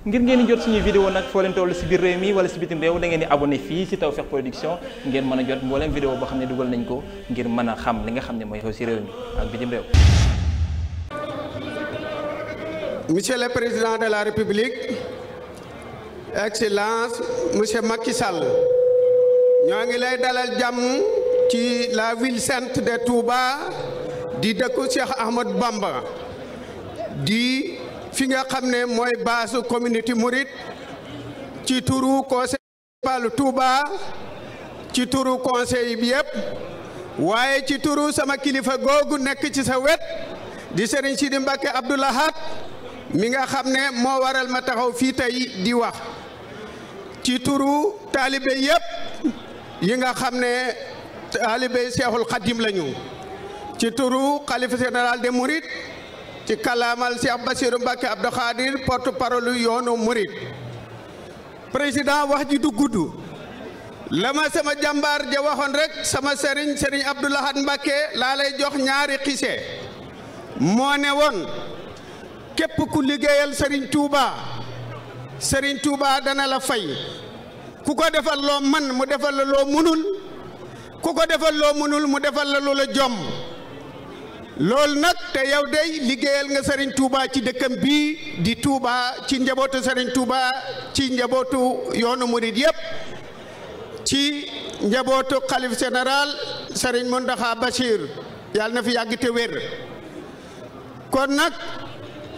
ngir ngeen jot suñuy vidéo nag foo leen toll si biir réew mi wala si bitim réew da ngeen di abonné fii si Tawfekh Production ngeen mën a jot mbooleem vidéo boo xam ne dugal nañ ko ngir mën a xam li nga xam ne mooy xew si réew mi ak bitim réew Monsieur le Président de la République, Excellence, Monsieur Macky Sall, ñoo ngi lay dalal jàmm ci la ville sainte de Touba di dëkku Cheikh Ahmad Bamba di fi nga xam ne mooy baasu communauté Mouride ci turu conseil municipal Touba ci turu conseil bi yëpp waaye ci turu sama kilifa googu nekk ci sa wet di Serigne Sidi Mbacke Abdou Lahad mi nga xam ne moo waral ma taxaw fii tey di wax ci turu taalibe yëpp yi nga xam ne taalibe Seexul Xadim lañu ci turu xalifa général de Mouride. ci kalaamal si am Mbacké Abdou Khadir porte parole yoonu murit président wax ji du gudd lama sama jàmbaar ja waxoon rek sama sëriñ sëriñ Abdou Lahad Mbacké laa lay jox ñaari xise moo ne woon képp ku liggéeyal sëriñ Touba sëriñ Touba dana la fay ku ko defal loo man mu defal la loo munul ku ko defal loo munul mu defal la lu la jom loolu nag te yow dey liggéeyal nga Serigne Touba ci dëkkam bii di Touba ci njabootu Serigne Touba ci njabootu yoonu murid yépp ci njabootu xalif général Serigne Mountakha Bachir yàlla na fi yàgg te wér kon nag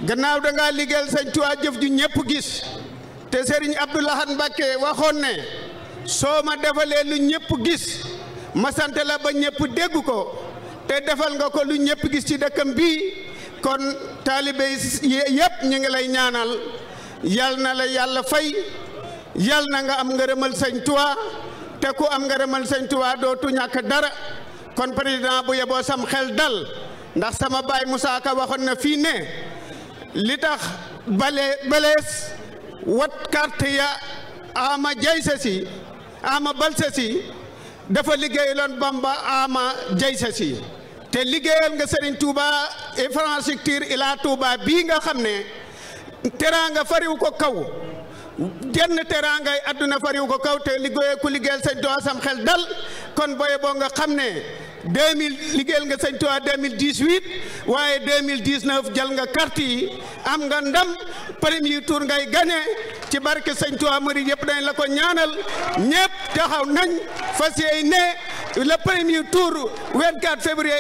gannaaw da ngaa liggéeyal Serigne Touba jëf ju ñépp gis te Serigne Abdou Lahad waxoon ne soo ma defalee lu ñépp gis ma sant la ba ñépp dégg ko. te defal nga ko lu ñëpp gis ci dëkkam bii kon taalibe yëpp ñu ngi lay ñaanal yal na la yàlla fay yal na nga am ngërëmal sëñ Tuubaa te ku am ngërëmal sëñ Tuubaa dootu ñàkk dara kon président bu yeboo sam xel dal ndax sama baay Moussa Ka waxoon na fii ne li tax bale balees wat carte ya ama jay sa si ama bal si dafa liggéeyaloon Bamba ama jaysa si te liggéeyal nga Serigne Touba infrastructure la Touba bii nga xam ne teraanga fariw ko kaw jenn teraangay àdduna fariw ko kaw te liggéey ku liggéeyal Sëñ Touba sam xel dal kon boye boo nga xam ne 2000 liggéeyal nga Sëñ Touba 2018 waaye 2019 jël nga carte yi am nga ndam premier tour ngay gagné ci barke Sëñ Touba murid yëpp dañ la ko ñaanal ñëpp taxaw nañ fas yéene le premier tour 24 février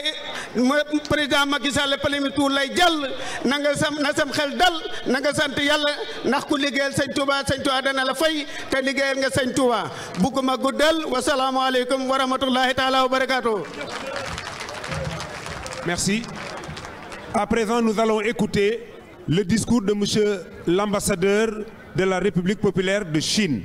président Macky Sall le premier tour lay jàll na nga sam xel dal na nga sant yàlla ndax ku liggéeyal sëñ Touba sëñ Touba dana la fay te liggéeyal nga sëñ Touba bugguma guddal wasalaamualeykum wa rahmatullahi taala wa barakaatu. Merci. À présent, nous allons écouter le discours de monsieur l'ambassadeur de la République populaire de Chine.